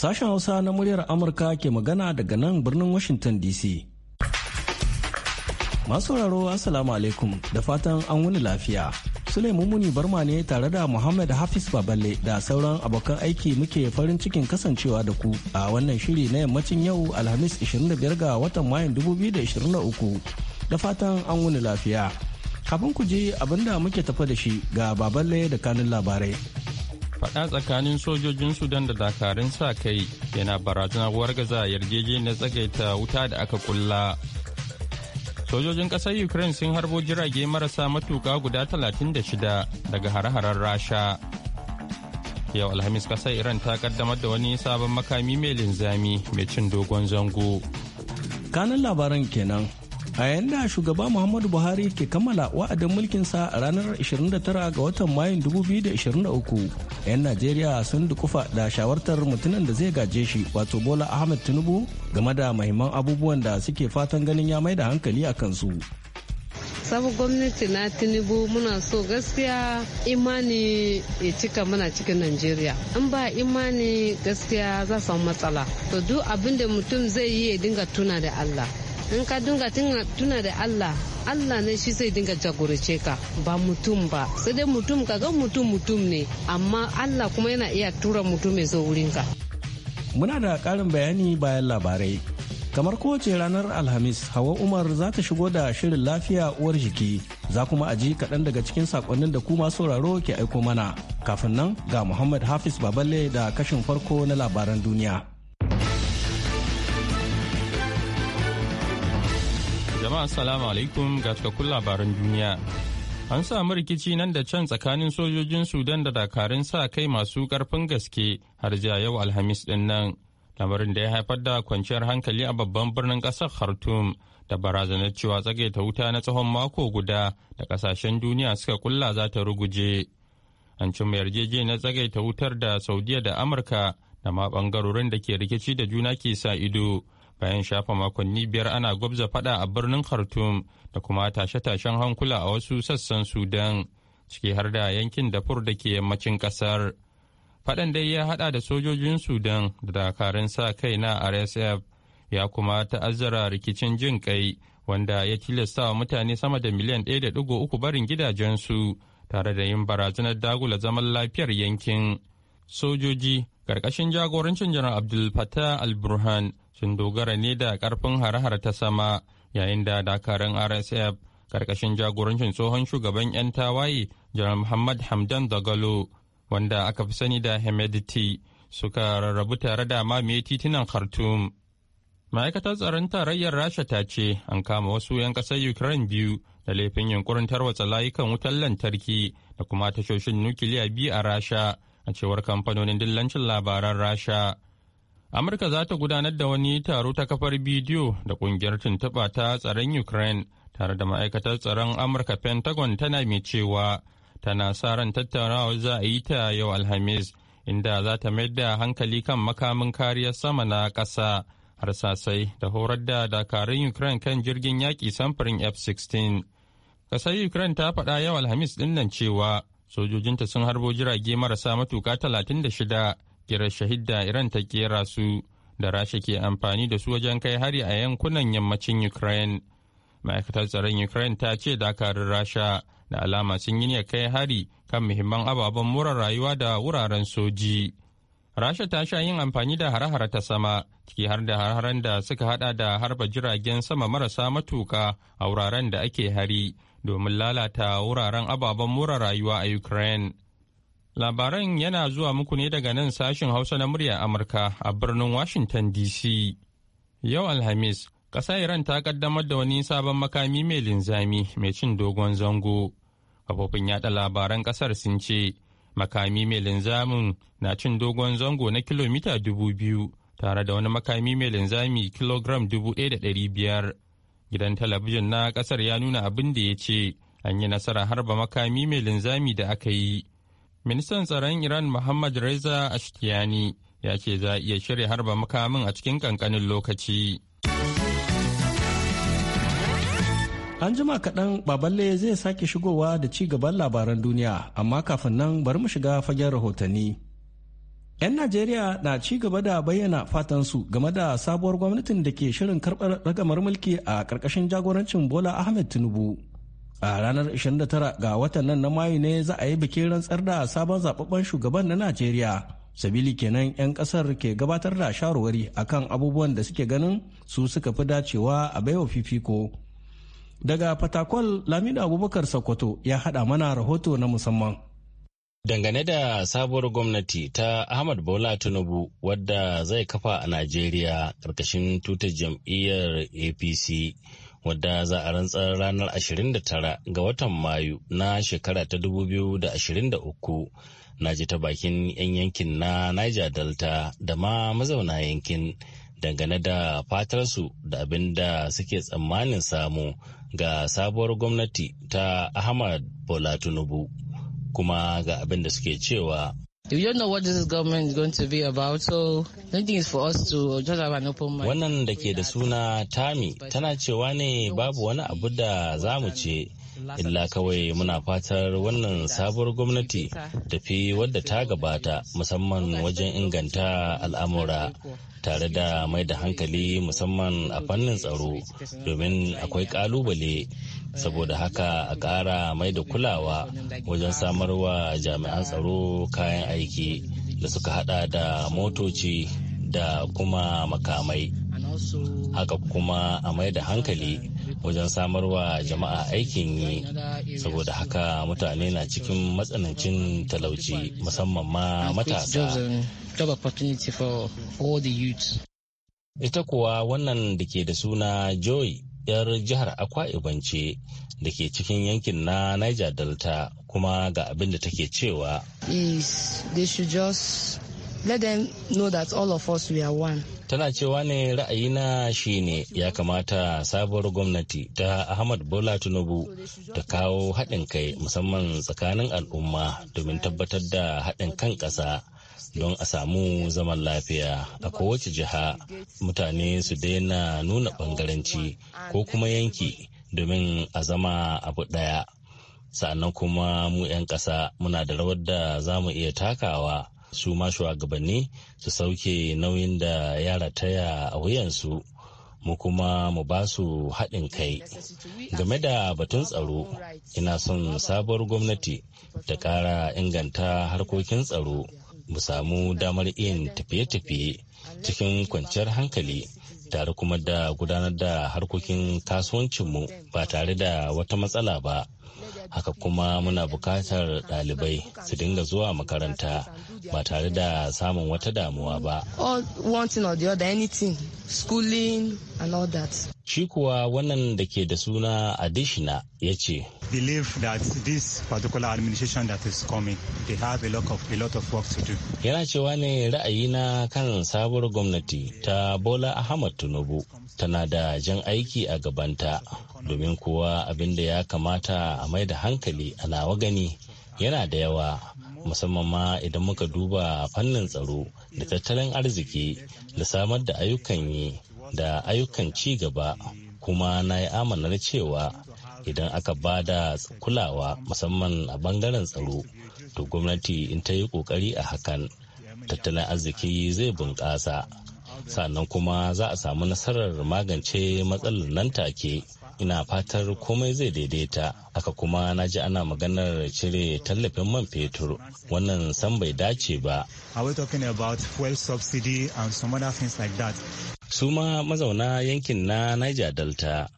Sashen Hausa na muryar Amurka ke magana daga nan birnin Washington DC. Masu sauraro Assalamu alaikum da fatan an wuni lafiya. Suleiman Muni Barma ne tare da Muhammad Hafiz Baballe da sauran abokan aiki muke farin cikin kasancewa da ku a wannan shiri na yammacin yau Alhamis 25 ga watan Mayun 2023 da fatan an wuni lafiya. Kafin ku je abinda muke tafa da shi ga Baballe da kanin labarai. faɗa tsakanin sojojin sudan da dakarun sa kai yana barazanar wargaza yarjejeniyar tsagaita wuta da aka kulla sojojin ƙasar ukraine sun harbo jirage marasa matuka guda 36 daga hare-haren rasha yau alhamis ƙasar iran ta kaddamar da wani sabon makami mai linzami mai cin dogon zango kanin labaran kenan a yanda shugaba muhammadu buhari ke kammala wa'adin mulkinsa a ranar 29 ga watan mayun 2023 'yan najeriya sun dukufa da shawartar mutumin da zai gaje shi wato bola ahmed tinubu game da mahimman abubuwan da suke fatan ganin ya mai da hankali a kansu sabon gwamnati na tinubu muna so gaskiya imani ya cika mana cikin najeriya in ba imani gaskiya za su matsala to duk abin da mutum zai yi ya dinga tuna da allah in ka dinga tuna da Allah Allah ne shi zai dinga jagorace ka ba mutum ba sai dai mutum ka ga mutum mutum ne amma Allah kuma yana iya tura mutum mai zo wurin ka muna da karin bayani bayan labarai kamar kowace ranar alhamis hawa umar za ta shigo da shirin lafiya uwar jiki za kuma a ji kaɗan daga cikin sakonnin da kuma sauraro ke aiko mana kafin nan ga muhammad hafiz baballe da kashin farko na labaran duniya Jama'a Assalamu alaikum ga cikakkun labaran duniya. An samu rikici nan da can tsakanin sojojin Sudan da dakarun sa kai masu karfin gaske har jiya yau Alhamis din nan. Lamarin da ya haifar da kwanciyar hankali a babban birnin ƙasar Khartoum da barazanar cewa tsagaita wuta na tsawon mako guda da kasashen duniya suka kulla za ta ruguje. An cimma yarjejeniyar tsagaita wutar da Saudiya da Amurka da ma ɓangarorin da ke rikici da juna ke sa ido. bayan shafa makonni biyar ana gwabza fada a birnin khartoum da kuma tashe-tashen hankula a wasu sassan sudan ciki har da yankin dafur da ke yammacin kasar fadan dai ya hada da sojojin sudan da dakarun sa kai na rsf ya kuma ta'azzara rikicin jin kai wanda ya tilasta wa mutane sama da miliyan 1.3 barin gidajensu tare da yin barazanar dagula zaman lafiyar yankin sojoji karkashin jagorancin janar abdul fatah al-burhan sun dogara ne da karfin hare-hare ta sama yayin da dakarun rsf karkashin jagorancin tsohon shugaban 'yan tawaye janar muhammad hamdan dagalo wanda aka fi sani da hemediti suka rarrabu tare da mamaye titunan khartoum ma'aikatar tsaron tarayyar rasha ta ce an kama wasu 'yan ƙasar ukraine biyu da laifin yunkurin tarwatsa layukan wutar lantarki da kuma tashoshin nukiliya biyu a rasha a cewar kamfanonin dillancin labaran rasha amurka za ta gudanar da wani taro ta kafar bidiyo da kungiyar tuntuɓa ta tsaron ukraine tare da ma'aikatar tsaron amurka pentagon tana mai cewa tana sa ran tattaunawa za a yi ta yau alhamis inda za ta mayar da hankali kan makamin kariyar sama na ƙasa har sasai da horar da dakarun ukraine kan jirgin yaƙi samfurin f-16 ƙasar ukraine ta faɗa yau alhamis ɗinnan cewa sojojinta sun harbo jirage marasa matuka shida. shahid da Iran ta kera su da Rasha ke amfani da su wajen kai hari a yankunan yammacin Ukraine. Ma'aikatar tsaron Ukraine ta ce dakarun Rasha da alama sun yi niyyar kai hari kan muhimman ababen more rayuwa da wuraren soji. Rasha ta sha yin amfani da hare-hare ta sama, ciki har da hare-haren da suka hada da harba jiragen sama marasa matuka a wuraren da ake hari domin lalata wuraren ababen more rayuwa a Ukraine. Labaran yana zuwa muku ne daga nan sashin Hausa na murya Amurka a birnin Washington DC. Yau Alhamis, ƙasa Iran ta ƙaddamar da wani sabon makami mai linzami mai cin dogon zango. Kafofin yada labaran ƙasar sun ce, makami mai linzamin na cin dogon zango na kilomita dubu biyu tare da wani makami mai linzami kilogram dubu ɗaya da ɗari biyar. Gidan talabijin na ƙasar ya nuna abin da ya ce, an yi nasara harba makami mai linzami da aka yi. Ministan tsaron Iran Muhammad Reza Ashkiyani ya ce za a iya shirya harba makamin a cikin kankanin lokaci. An jima kaɗan baballe zai sake shigowa da ci gaban labaran duniya, amma kafin nan bari mu shiga fagen rahotanni. 'Yan Najeriya na ci gaba da bayyana fatansu game da sabuwar gwamnatin da ke shirin karɓar ragamar mulki a ƙarƙashin jagorancin Bola Ahmed Tinubu. a ranar 29 ga watan nan na mayu ne za a yi bikin rantsar da sabon zababben shugaban na najeriya sabili kenan 'yan kasar ke gabatar da shawarwari akan abubuwan da suke ganin su suka fi dacewa a baiwa fifiko daga fatakwal lamido abubakar sokoto ya hada mana rahoto na musamman Dangane da sabuwar gwamnati ta Ahmad Bola Tinubu wadda zai kafa a Najeriya karkashin tutar jam'iyyar APC wadda za a rantsar ranar 29 ga watan Mayu na shekara ta 2023 na ji ta bakin 'yan yankin na Niger Delta da ma mazauna yankin dangane da fatarsu da abin da suke tsammanin samu ga sabuwar gwamnati ta Ahmad Bola Tinubu kuma ga abin da suke cewa you don't know what this government is going to be about, so don't think for us to just have an open Wannan da ke da suna Tami tana cewa ne babu wani abu da za mu ce illa kawai muna fatar wannan sabuwar gwamnati tafi wadda ta gabata musamman wajen inganta al'amura tare da mai da hankali musamman a fannin tsaro domin akwai kalubale saboda haka a ƙara mai da kulawa wajen samarwa jami'an tsaro kayan aiki da suka hada da motoci da kuma makamai haka kuma a mai da hankali wajen samarwa jama'a aikin yi saboda haka mutane na cikin matsanancin talauci musamman ma matasa ita kuwa wannan da ke da suna joy yar jihar Akwa Ibance da ke cikin yankin na Niger Delta kuma ga abin da take cewa. Is they should just that Tana cewa ne ra'ayina shine ya kamata sabuwar gwamnati ta Ahmad Bola Tinubu ta kawo haɗin kai musamman tsakanin al'umma domin tabbatar da haɗin kan ƙasa. don a samu zaman lafiya a kowace jiha mutane su daina nuna bangaranci ko kuma yanki domin a zama abu ɗaya sannan kuma mu 'yan ƙasa muna da rawar da za mu iya takawa su ma shugabanni su sauke nauyin da yara taya a wuyansu mu kuma mu ba su haɗin kai game da batun tsaro ina son sabuwar gwamnati ta ƙara inganta harkokin tsaro mu samu damar yin tafiye-tafiye cikin kwanciyar hankali tare kuma da gudanar da harkokin kasuwancinmu ba tare da wata matsala ba haka kuma muna bukatar ɗalibai su dinga zuwa makaranta ba tare da samun wata damuwa ba. All Shi kuwa wannan da ke da suna Adishina ya ce. Believe that this particular administration that is coming, Yana cewa ne ra'ayi na kan sabuwar gwamnati ta Bola Ahmad Tinubu tana da jan aiki a gabanta domin kuwa abin da ya kamata a mai da hankali a ana gani yana da yawa. musamman ma idan muka duba fannin tsaro da tattalin arziki da samar da ayyukan yi da ayyukan ci gaba kuma na yi amanar cewa idan aka ba da kulawa musamman a bangaren tsaro to gwamnati in ta yi kokari a hakan tattalin arziki zai bunƙasa sannan kuma za a samu nasarar magance matsalar nan take ina fatar komai zai daidaita haka kuma na ji ana maganar cire tallafin man fetur wannan san bai dace ba su ma mazauna yankin na niger delta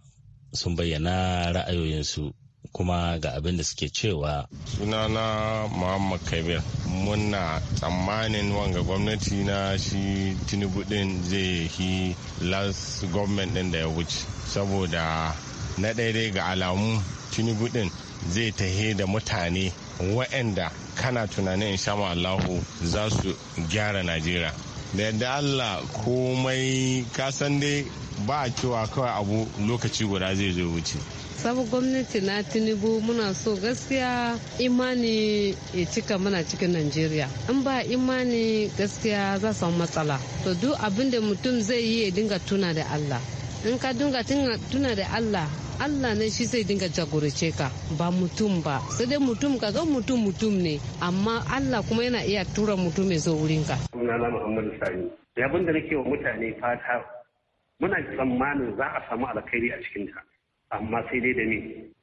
sun bayyana ra'ayoyinsu kuma ga abin da suke cewa sunana muhammad kabir muna tsammanin wanga gwamnati na shi tinubu din zai yi last government din da ya wuce saboda na ɗaya ga alamu tinubu ɗin zai tahe da mutane waɗanda kana tunanin insha Allahu za su gyara Najeriya. Da yadda Allah komai kasan dai ba a cewa kawai abu lokaci guda zai zo wuce. sabu gwamnati na tinubu muna so gaskiya imani ya cika muna cikin najeriya in ba imani gaskiya za samu matsala to duk abin da mutum zai yi ya dinga tuna da allah in ka dinga tuna da allah allah ne shi zai dinga jagorace ka ba mutum ba sai dai mutum ka ga mutum mutum ne amma allah kuma yana iya tura mutum mai zo wurin ka sunana muhammadu sani da abin da nake wa mutane fata muna tsammanin za a samu alkhairi a cikin ta amma sai dai da ni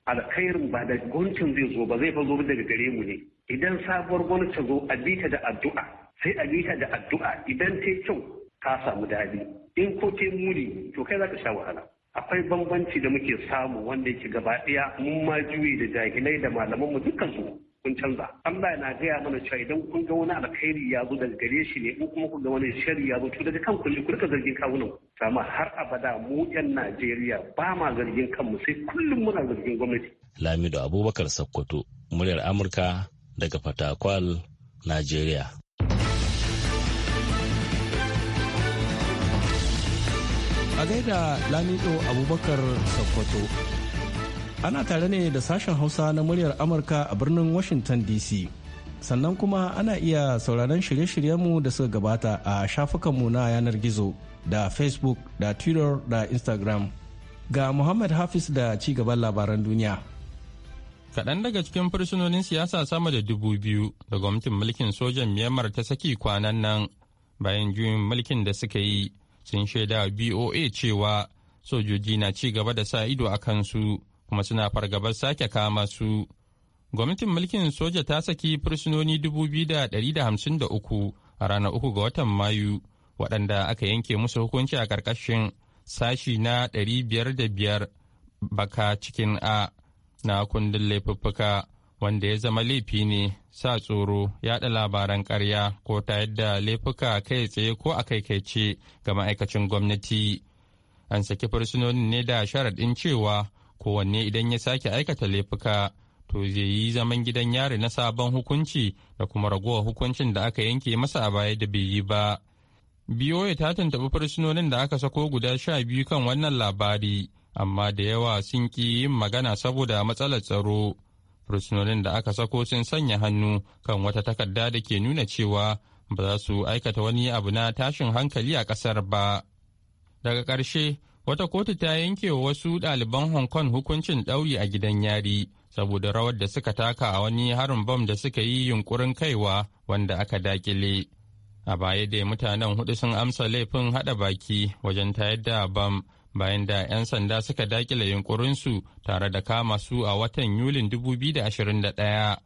alkhairin ba da guntun zai zo ba zai fa zo daga gare mu ne idan sabuwar gwamnati ta zo a bita da addu'a sai a bita da addu'a idan ta kyau ka samu daɗi in ko ta muni to kai za ka sha wahala akwai bambanci da muke samu wanda yake gaba ɗaya mun ma juyi da jahilai da malaman mu dukkan su kun canza Allah yana gaya mana cewa idan kun ga wani alkhairi ya zo daga gare shi ne in kuma kun ga wani shari ya zo to daga kanku ne ku rika zargin kawunan sama har abada mu yan Najeriya ba ma zargin kanmu sai kullum muna zargin gwamnati Lamido Abubakar Sakkwato muryar Amurka daga Fatakwal Najeriya a gaida lamido abubakar sokoto ana tare ne da sashen hausa na muryar amurka a birnin washington dc sannan kuma ana iya sauraron shirye-shiryenmu da suka gabata a shafukanmu na yanar gizo da facebook da twitter da instagram ga muhammad hafiz da ci gaban labaran duniya kaɗan daga cikin fursunonin siyasa sama da dubu biyu da gwamnatin mulkin sojan myanmar ta saki kwanan nan bayan juyin mulkin da suka yi sun shaida BOA cewa sojoji na ci gaba da sa ido a kansu kuma suna fargabar sake kama su. Gwamnatin mulkin soja ta saki fursunoni 2,153 a ranar uku ga watan Mayu, waɗanda aka yanke musu hukunci a ƙarƙashin sashi na 505 baka cikin A na kundin laifuffuka wanda ya zama laifi ne sa tsoro yaɗa labaran karya ko ta yadda laifuka kai tsaye ko a kai kai ce ga ma'aikacin gwamnati an saki fursunonin ne da sharaɗin cewa kowanne idan ya sake aikata laifuka to zai yi zaman gidan yari na sabon hukunci da kuma ragowar hukuncin da aka yanke masa a baya da bai yi ba biyoye ta tantabi fursunonin da aka sako guda sha biyu kan wannan labari amma da yawa sun ƙi yin magana saboda matsalar tsaro fursunonin da aka sako sun sanya hannu kan wata takarda da ke nuna cewa ba za su aikata wani abu na tashin hankali a kasar ba daga ƙarshe wata kotu ta yanke wa wasu ɗaliban hong kong hukuncin ɗauri a gidan yari saboda rawar da suka taka a wani harin bom da suka yi yunkurin kaiwa wanda aka dakile a baya dai mutanen hudu sun amsa laifin haɗa baki wajen tayar da bam bayan da 'yan sanda suka dakile yunkurinsu tare da kama su a watan Yulin 2021.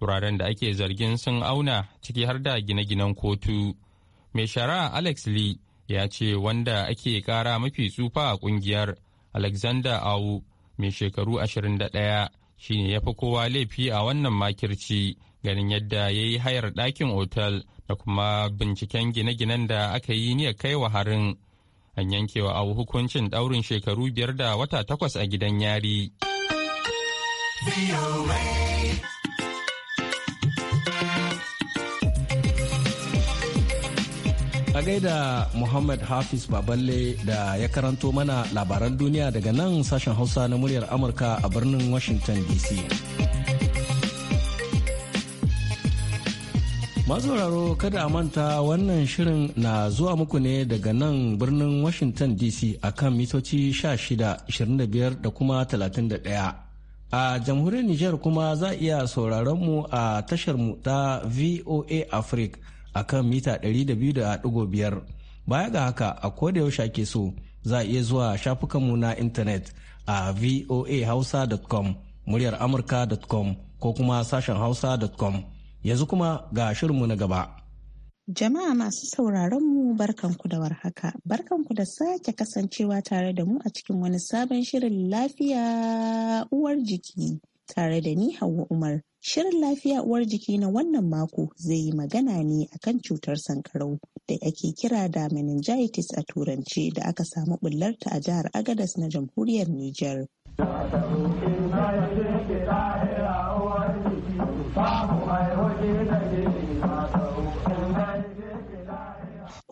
Wuraren da ake zargin sun auna ciki har da gine-ginen kotu. Mai shara Alex Lee ya ce wanda ake kara mafi tsufa a kungiyar Alexander Awu mai shekaru 21 shine ya fi kowa laifi a wannan makirci ganin yadda ya yi hayar dakin otal da kuma binciken gine-ginen da aka yi niyar kai wa harin. an yankewa abu hukuncin ɗaurin shekaru biyar da wata takwas a gidan yari. A gaida Muhammad Hafiz Baballe da ya karanto mana labaran duniya daga nan sashen Hausa na muryar Amurka a birnin Washington DC. mazauraro kada a manta wannan shirin na zuwa muku ne daga nan birnin washington dc akan mitoci 16 25 da kuma 31 a jamhuriyar niger kuma za a iya sauraron mu a tashar mu ta VOA Africa a kan mita 200.5 baya ga haka a yaushe ake so za a iya zuwa shafukanmu na intanet a voahausa.com muryar amurka.com ko kuma sashen hausa.com yanzu kuma ga shirinmu na gaba. Jama'a masu sauraron mu barkanku da warhaka, barkanku da sake kasancewa tare da mu a cikin wani sabon shirin lafiya uwar jiki tare da ni Hauwa Umar. Shirin lafiya uwar jiki na wannan mako zai yi magana ne akan cutar sankarau da ake kira da meningitis a turance da aka samu bullarta a jihar Agadas na jamhuriyar Nijar.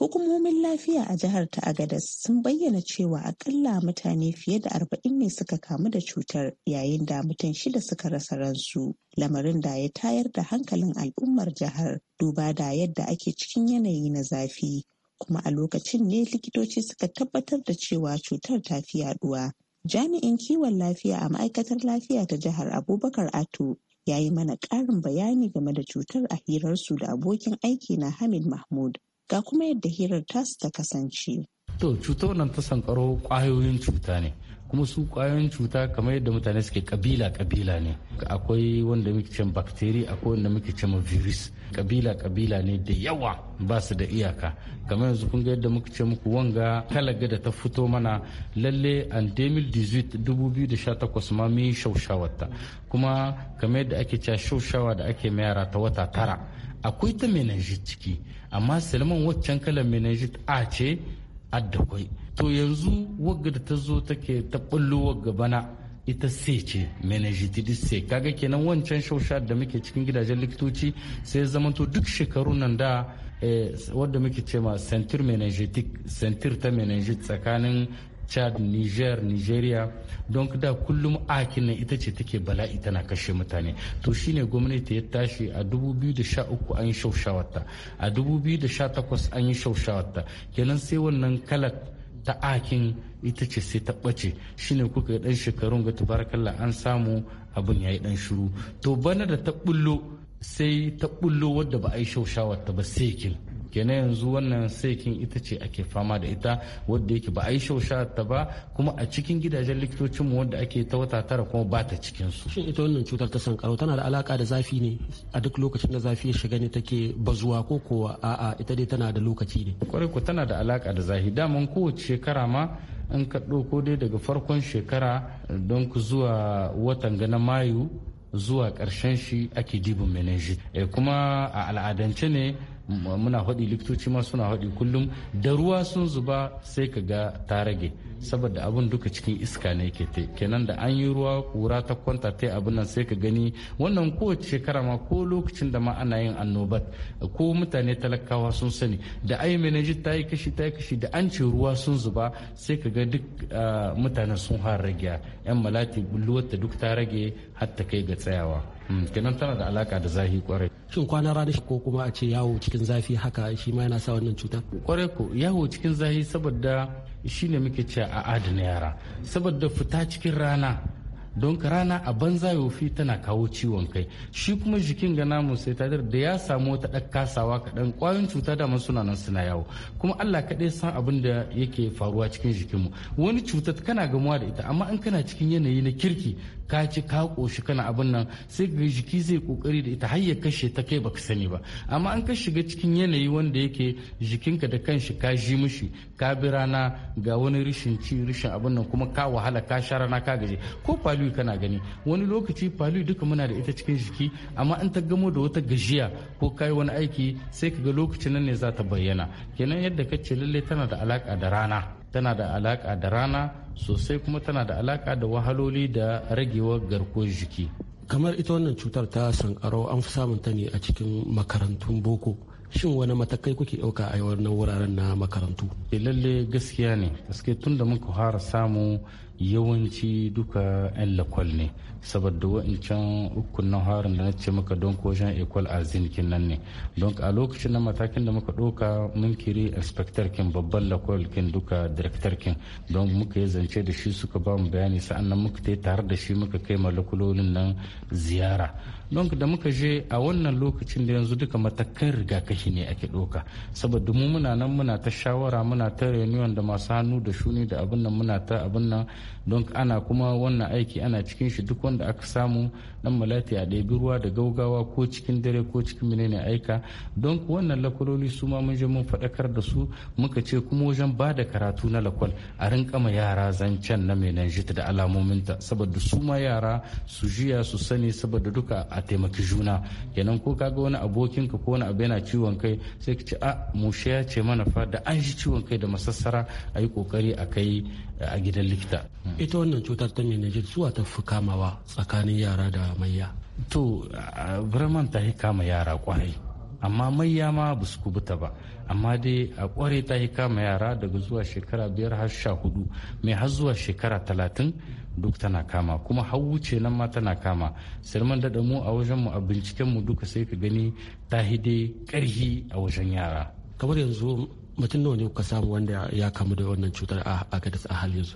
Hukumomin lafiya a jihar ta Agadas sun bayyana cewa akalla mutane fiye da arba'in ne suka kamu da cutar yayin da mutum shida suka rasa ransu. Lamarin da ya tayar da hankalin al'ummar jihar duba da yadda ake cikin yanayi na zafi. Kuma a lokacin ne likitoci suka tabbatar da cewa cutar ta fi yaduwa. Jami'in kiwon lafiya a ma'aikatar lafiya ta jihar Abubakar Ato ya yi mana ƙarin bayani game da cutar a hirarsu da abokin aiki na Hamid Mahmud. ga kuma yadda hirar tasu ta kasance. To cutar nan ta sankaro kwayoyin cuta ne kuma su kwayoyin cuta kamar yadda mutane suke kabila kabila ne akwai wanda muke cin bakteri akwai wanda muke cin virus kabila kabila ne da yawa ba su da iyaka kamar yanzu kun ga yadda muka ce muku wanga kalaga da ta fito mana lalle an 2018 ma mun shaushawarta kuma kamar yadda ake cewa shaushawa da ake mayara ta wata tara akwai ta meningit ciki amma salman waccan kalar meningit a ce addakwai to yanzu wagga da ta zo take ta ɓullo wagga bana ita sai ce meningitis sai kaga kenan wancan shausha da muke cikin gidajen likitoci sai zamanto duk shekaru nan da eh, wadda muke ce ma sentir meningitic sentir ta meningit tsakanin chad niger nigeria don da kullum akin nan ita ce take bala'i tana kashe mutane to shine gwamnati ya tashi a 2013 an yi shaushawarta a 2018 an yi shaushawarta kenan sai wannan kalak ta akin ita ce sai ta ɓace shine kuka yi ɗan shekarun ga tabarakalla an samu abin ya yi dan shiru to bana da ta bullo sai ta bullo wadda ba a yi shaushawarta ba sai kin kenan yanzu wannan saikin ita ce ake fama da ita wadda yake ba a yi ta ba kuma a cikin gidajen likitocinmu wanda ake ta wata tara kuma ba ta cikin su shin ita wannan cutar ta sankarau tana da alaka da zafi ne a duk lokacin da zafi ya shiga ne take bazuwa ko kowa a'a ita dai tana da lokaci ne kwarai ko tana da alaka da zafi daman kowace shekara ma in ka ɗauko dai daga farkon shekara don ku zuwa watan gana mayu zuwa ƙarshen shi ake dibin meningitis eh, kuma a al'adance ne muna haɗi likitoci ma suna haɗi kullum da ruwa sun zuba sai ka ga ta rage saboda abin duka cikin iska ne ke te kenan da an yi ruwa kura ta kwanta ta abin nan sai ka gani wannan kowace shekara ma ko lokacin da ma ana yin annobat ko mutane talakawa sun sani da ai menajit ta yi kashi ta yi kashi da an ce ruwa sun zuba sai ka ga duk mutane sun har rage yan malati bulluwar ta duk ta rage har ta kai ga tsayawa Hmm, kenan tana da alaka da zafi kwarai shin kwana rana ko kuma a ce yawo cikin zafi haka shi ma yana sa wannan cuta kwarai ko yawo cikin zafi saboda shi ne muke ce a adana yara saboda fita cikin rana don rana a banza yofi tana kawo ciwon kai shi kuma jikin ga namu sai tadar da ya samu wata ɗan kasawa kaɗan ƙwayoyin cuta da suna nan suna yawo kuma allah kaɗai san abin da yake faruwa cikin jikinmu wani cutar kana gamuwa da ita amma in kana cikin yanayi na kirki ka ci ka koshi kana abin nan sai ga jiki zai kokari da ita har kashe ta kai baka sani ba amma an ka shiga cikin yanayi wanda yake jikinka da kanshi ka ji mishi ka bi rana ga wani rishin ci rishin abin nan kuma ka wahala ka sha rana ka gaje ko palu kana gani wani lokaci palu duka muna da ita cikin jiki amma an ta gamo da wata gajiya ko kai wani aiki sai ka ga lokacin nan ne za ta bayyana kenan yadda kace lalle tana da alaka da rana tana da alaka da rana sosai kuma tana da alaka da wahaloli da ragewar garkuwar jiki kamar ita wannan cutar ta sankaro an fi samun ta ne a cikin makarantun boko shin wani matakai kuke ɗauka a wannan wuraren na makarantu eh, lalle gaskiya ne gaske tun da muka fara samu yawanci duka 'yan lakwal ne saboda wa'ancan ukun na harin da na ce maka don wajen ekwal a zinkin nan ne don a lokacin na matakin da muka ɗauka mun kiri inspector kin babban lakwal kin duka director kin don muka yi zance da shi suka ba mu bayani sa'an nan muka tai tare da shi muka kai malakulolin nan ziyara don da muka je a wannan lokacin da yanzu duka matakan rigakafi ne ake ɗoka saboda mu muna nan muna ta shawara muna ta reunion da masu hannu da shuni da abin nan muna ta abin nan don ana kuma wannan aiki ana cikin shi duk wanda aka samu dan malati a ɗebi ruwa da gaugawa ko cikin dare ko cikin menene aika don wannan lakwaloli su ma mun je mun faɗakar da su muka ce kuma wajen ba da karatu na lakwal a rinka ma yara zancen na nan da alamominta saboda su ma yara su jiya su sani saboda duka a taimaki juna kenan ko kaga wani abokinka ka ko wani abu yana ciwon kai sai ka ce a ah, mushe ya ce mana fa da an ji ciwon kai da masassara a yi kokari a kai a gidan likita ita wannan cutar ta menenjit zuwa ta fi kamawa tsakanin yara da mayya to birman ta kama yara kwarai amma mayya ma ba su kubuta ba amma dai a kware ta yi kama yara daga zuwa shekara biyar har sha hudu mai har zuwa shekara talatin duk tana kama kuma har wuce nan ma tana kama sirman da mu a wajen mu a binciken mu duka sai ka gani ta dai karhi a wajen yara kamar yanzu mutum nawa ne kuka samu wanda ya kamu da wannan cutar a gadas a hal yanzu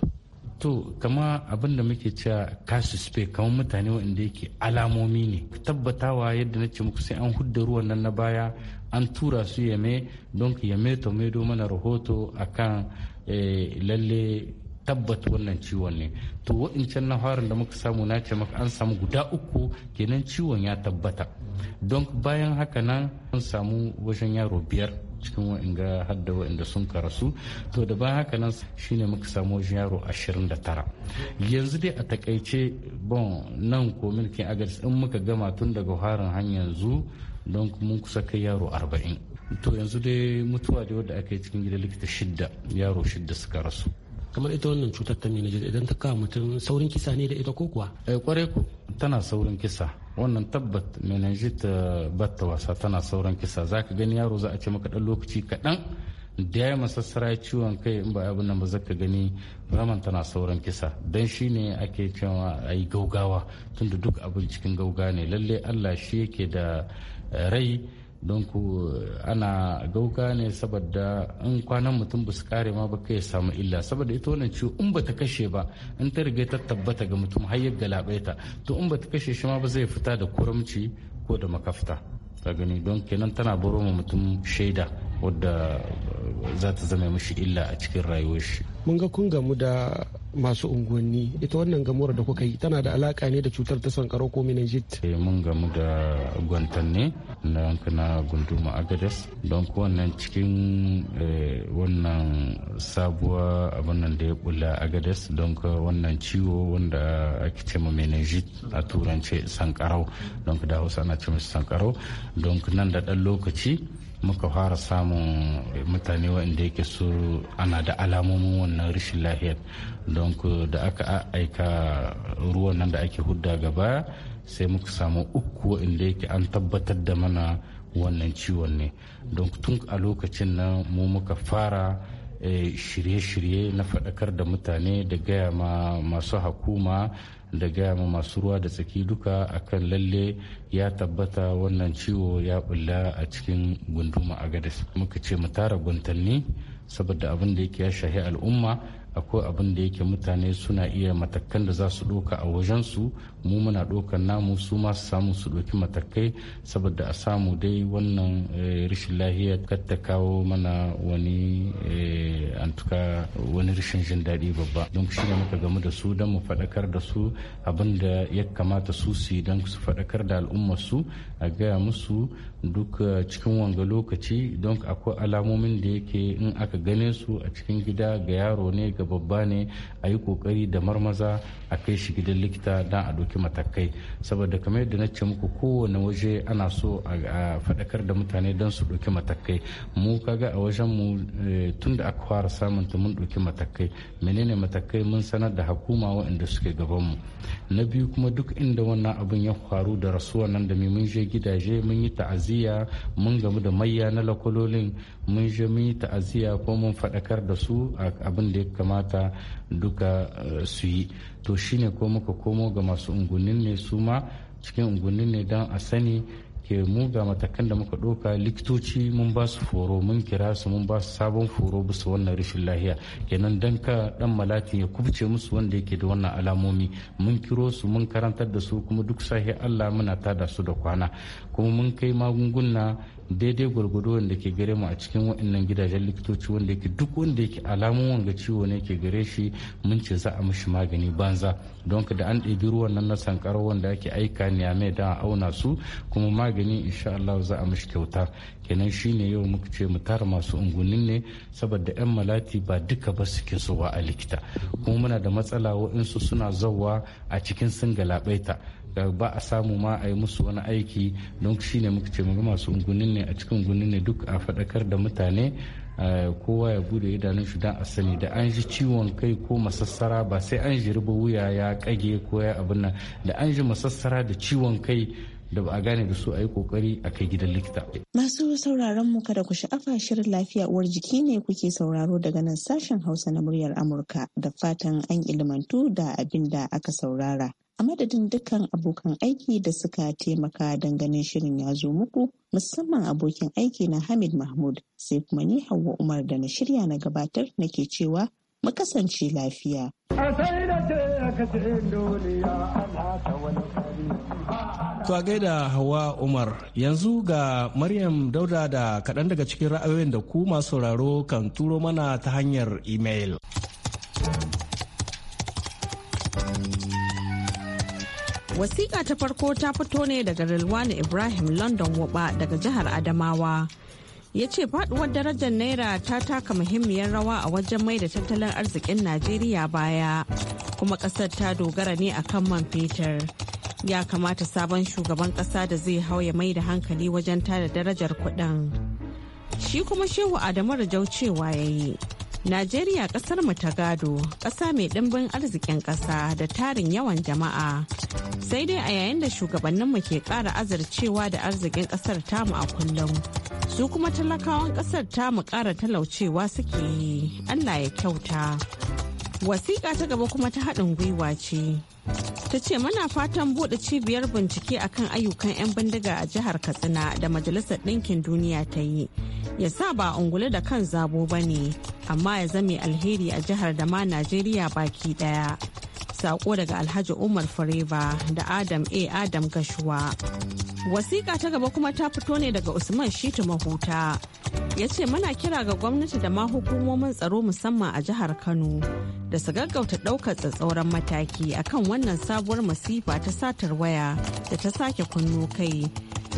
to kama abin da muke cewa kasuspect kamar mutane wanda yake alamomi ne tabbatawa yadda na ce muku sai an hudda ruwan nan na baya an tura su yame don yame to maido mana rahoto akan eh, lalle tabbat wannan ciwon ne to waɗancan na harin da muka samu na ce maka an samu guda uku kenan ciwon ya tabbata don bayan haka nan an samu wajen yaro biyar cikin wa'inga har da wa'inda sun karasu to da ba haka nan shine muka samu yaro 29 yanzu dai a takaice bon nan ko milkin agadis in muka gama tun daga harin har yanzu don mun kusa kai yaro 40 to yanzu dai mutuwa da wadda aka yi cikin gida likita shidda yaro shidda suka rasu kamar ita wannan cutar ta menajin idan ta kama mutum saurin kisa ne da ita ko kuwa eh, kwarai ko tana saurin kisa wannan tabbat meningit batta wasa tana sauran kisa za ka gani yaro za a ce maka lokaci kaɗan da ya masassara ciwon kai in ba abin nan ba zaka gani raman tana sauran kisa don shi ne ake cewa a yi gaugawa tunda duk abin cikin gauga ne lallai allah shi yake da rai don ku eh, ana gauka ne saboda in kwanan mutum ba su kare ma ba kai samu illa saboda ita wannan ciwo in ba ta kashe ba in ta riga ta tabbata ga mutum har ya galabaita to in ba ta kashe shi ma ba zai fita da kuramci ko da makafta ta gani don kenan tana baro ma mutum shaida wadda eh, za ta zama mashi illa a cikin rayuwar shi. Mun ga kun gamu da masu unguwanni ita wannan gamuwar da kuka yi tana da alaka ne da cutar ta sankarau ko meningit. Eh, mun gamu da gwantanne na yankuna gunduma agadas don wannan cikin eh, wannan sabuwa abin da ya bula agadas don wannan ciwo wanda ake ce ma meningit a turance sankarau don da hausa ana ce sankarau don nan da ɗan lokaci muka fara samun mutane waɗanda yake su ana da alamomin wannan rashin lahiyar don da aka aika ruwan nan da ake hudda gaba sai muka samu uku waɗanda yake an tabbatar da mana wannan ciwon ne don tun a lokacin nan mu muka fara eh, shirye-shirye na faɗakar da mutane da gaya ma masu hakuma da gaya ma masu ruwa da tsaki duka akan lalle ya tabbata wannan ciwo ya bulla a cikin gunduma agadis muka ce mu tara gwantanni saboda abin da yake ya shahi al'umma akwai abin da yake mutane suna iya matakan da za su ɗoka a wajensu mu muna ɗokan namu su ma su samu su ɗoki matakai saboda a samu dai wannan eh, rashin lahiya kar ta kawo mana wani eh, antuka wani rashin jin daɗi babba don shi ne muka gamu da su don mu faɗakar da su abin da ya kamata su su don su faɗakar da al'ummar su a gaya musu duk eh, cikin wanga lokaci don akwai alamomin da yake in aka gane su a cikin gida ga yaro ne ga babba ne a yi kokari da marmaza a kai shi gidan likita don a ɗauki matakai saboda kamar yadda na ce muku kowane waje ana so a faɗakar da mutane don su ɗauki matakai mu kaga a wajen mu eh, tun da aka fara samun ta mun ɗauki matakai menene matakai mun sanar da hukuma waɗanda suke gaban mu na biyu kuma duk inda wannan abun ya faru da rasuwa nan da mun je gidaje mun yi ta'aziyya mun gamu da mayya na lakwalolin mun je mun yi ta'aziyya ko mun faɗakar da su a abin da ya kamata duka eh, su yi to shine ko muka komo ga masu ungunin ne su ma cikin ungunin ne don a sani ke mu ga matakan da muka ɗauka likitoci mun ba su foro mun kira su mun ba su sabon foro bisa wannan rashin lahiya kenan dan ka dan malati ya kubce musu wanda yake da wannan alamomi mun kiro su mun karantar da su kuma duk sahi Allah muna tada su da kwana kuma mun kai magunguna daidai gwargwado wanda ke gare mu a cikin waɗannan gidajen likitoci wanda yake duk wanda yake alamun wanga ciwo ne ke gare shi mun ce za a mishi magani banza don da an ɗebi ruwan nan na sankarau wanda ake aika niyame da auna su kuma magani insha Allah za a mishi kyauta kenan shine yau muka ce mu tara masu ungunin ne saboda yan malati ba duka ba suke zuwa a likita kuma muna da matsala waɗansu suna zauwa a cikin sun galabaita da ba a samu ma a yi musu wani aiki don shi ne muka ce maga masu ungunin ne a cikin ungunin ne duk a faɗakar da mutane kowa ya bude idanun shi don a sani da an ji ciwon kai ko masassara ba sai an ji riba wuya ya kage ko ya abin nan da an ji masassara da ciwon kai da ba a gane da su a yi kokari a kai gidan likita. Masu sauraron mu kada ku sha'afa shirin lafiya uwar jiki ne kuke sauraro daga nan sashen Hausa na muryar Amurka da fatan an ilimantu da abin da aka saurara. a madadin dukkan abokan aiki da suka taimaka don ganin shirin ya zo muku musamman abokin aiki na hamid mahmud sai kuma ni hawa umar da na shirya na gabatar nake cewa mu kasance lafiya to a gaida hawa umar yanzu ga maryam dauda da kaɗan daga cikin ra'ayoyin da ku masu sauraro kan turo mana ta hanyar imel. Wasiƙa ta farko ta fito ne daga Rilwani Ibrahim London Waba daga jihar Adamawa. ya ce faduwar darajar naira ta taka muhimmiyar rawa a wajen mai da tattalin arzikin najeriya baya kuma ƙasar ta dogara ne a kan man fetur ya kamata sabon shugaban ƙasa da zai hau ya mai da hankali wajen tada darajar kuɗin shi kuma shehu adamu rajau cewa ya yi Najeriya kasar mu ta gado, kasa mai ɗimbin arzikin ƙasa da tarin yawan jama'a. Sai dai a yayin da shugabannin mu ke ƙara azarcewa da arzikin ƙasar tamu a kullum. Su kuma talakawan ƙasar mu ƙara talaucewa suke yi, Allah ya kyauta. wasiƙa ta gaba kuma ta haɗin gwiwa ce ta ce mana fatan buɗe cibiyar bincike a kan ayyukan 'yan bindiga a jihar katsina da majalisar ɗinkin duniya ta yi ya sa ba ungulu da kan zabo ba ne amma ya zame alheri a jihar da ma najeriya baki ɗaya sako daga alhaji umar fureba da adam a adam gashuwa wasiƙa ta gaba kuma ta fito ne daga usman shitu mahuta ya ce mana kira ga gwamnati da ma hukumomin tsaro musamman a jihar kano da su gaggauta ɗaukar tsatsauran mataki akan wannan sabuwar masifa ta satar waya da ta sake kunno kai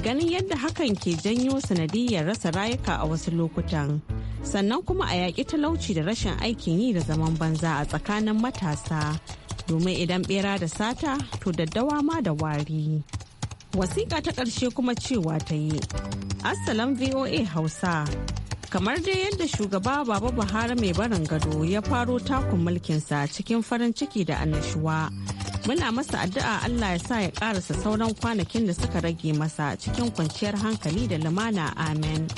ganin yadda hakan ke janyo sanadiyar rasa rayuka a wasu lokutan sannan kuma a yaƙi talauci da rashin aikin yi da zaman banza a tsakanin matasa domin idan bera da sata to daddawa ma da wari wasiƙa ta ƙarshe kuma cewa ta yi assalam voa hausa kamar dai yadda shugaba baba buhari mai barin gado ya faro takun mulkinsa cikin farin ciki da annashuwa muna masa addu'a allah ya sa ya karasa sauran kwanakin da suka rage masa cikin kwanciyar hankali da lumana amen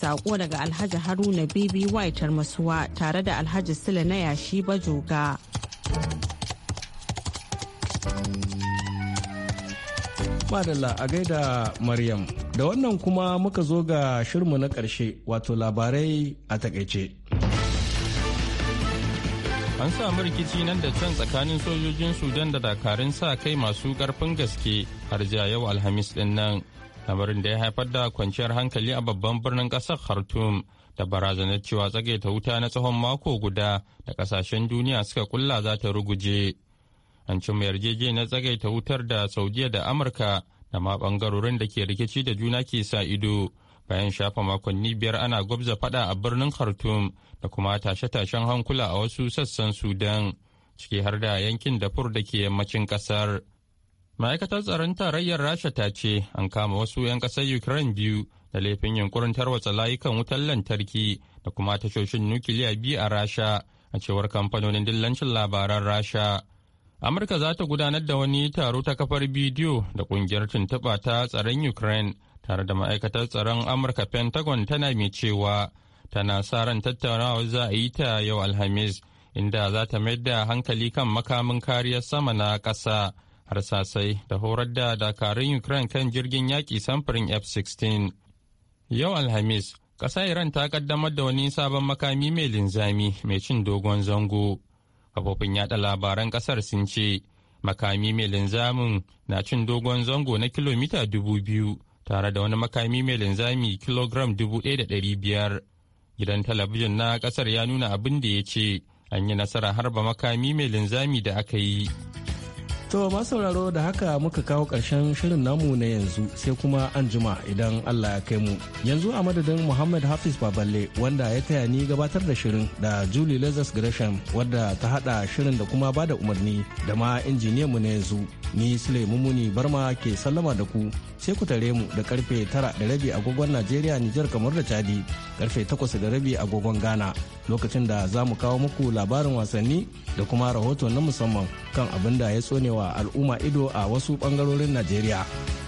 sako daga alhaji haruna bibi waitar masuwa tare da alhaji sule na yashi bajoga madalla a gaida maryam Da wannan kuma muka zo ga shirmu na ƙarshe wato labarai a takaice. An samu rikici nan da can tsakanin sojojin Sudan da dakarun sa kai masu ƙarfin gaske har yau Alhamis ɗinnan nan. lamarin da ya haifar da kwanciyar hankali a babban birnin ƙasar Khartoum da barazanar cewa tsagaita wuta na tsawon mako guda da ƙasashen duniya suka kulla za ta ruguje. An cimma yarjejeniyar tsagaita wutar da Saudiya da Amurka da ma bangarorin da ke rikici da juna ke sa ido bayan shafa makonni biyar ana gwabza fada a birnin khartum da kuma tashe-tashen hankula a wasu sassan sudan ciki har da yankin dafur da ke yammacin kasar ma'aikatar tsaron tarayyar rasha ta ce an kama wasu 'yan kasar ukraine biyu da laifin yunkurin tarwatsa layukan wutar lantarki da kuma tashoshin nukiliya biyu a rasha a cewar kamfanonin dillancin labaran rasha amurka za ta gudanar da wani taro ta kafar bidiyo da kungiyar tuntuɓa ta tsaron ukraine tare da ma'aikatar tsaron amurka pentagon tana mai cewa tana sa ran tattaunawa za a yi ta yau alhamis inda za ta mayar da hankali kan makamin kariyar sama na ƙasa har sasai da horar da dakarun ukraine kan jirgin yaƙi samfurin f-16 yau alhamis ƙasa iran ta ƙaddamar da wani sabon makami mai linzami mai cin dogon zango kafofin yada labaran kasar sun ce makami mai linzamin na cin dogon zango na kilomita dubu biyu tare da wani makami mai linzami kilogram dubu ɗaya da ɗari biyar gidan talabijin na kasar ya nuna abin da ya ce an yi nasara harba makami mai linzami da aka yi To masu sauraro da haka muka kawo ƙarshen shirin namu na yanzu sai kuma an jima idan Allah ya kai mu. Yanzu a madadin Muhammad Hafiz Baballe wanda ya taya ni gabatar da shirin da Julie Lazarus Gresham wadda ta hada shirin da kuma bada umarni da ma injiniyan mu na yanzu. Ni Sule Mumuni Barma ke sallama da ku. sai ku tare mu da karfe tara da rabi agogon Najeriya Nijar kamar da Chadi karfe takwas da rabi agogon Ghana lokacin da za mu kawo muku labarin wasanni da kuma rahoto na musamman kan abin da ya tsonewa al'umma ido a wasu bangarorin Najeriya.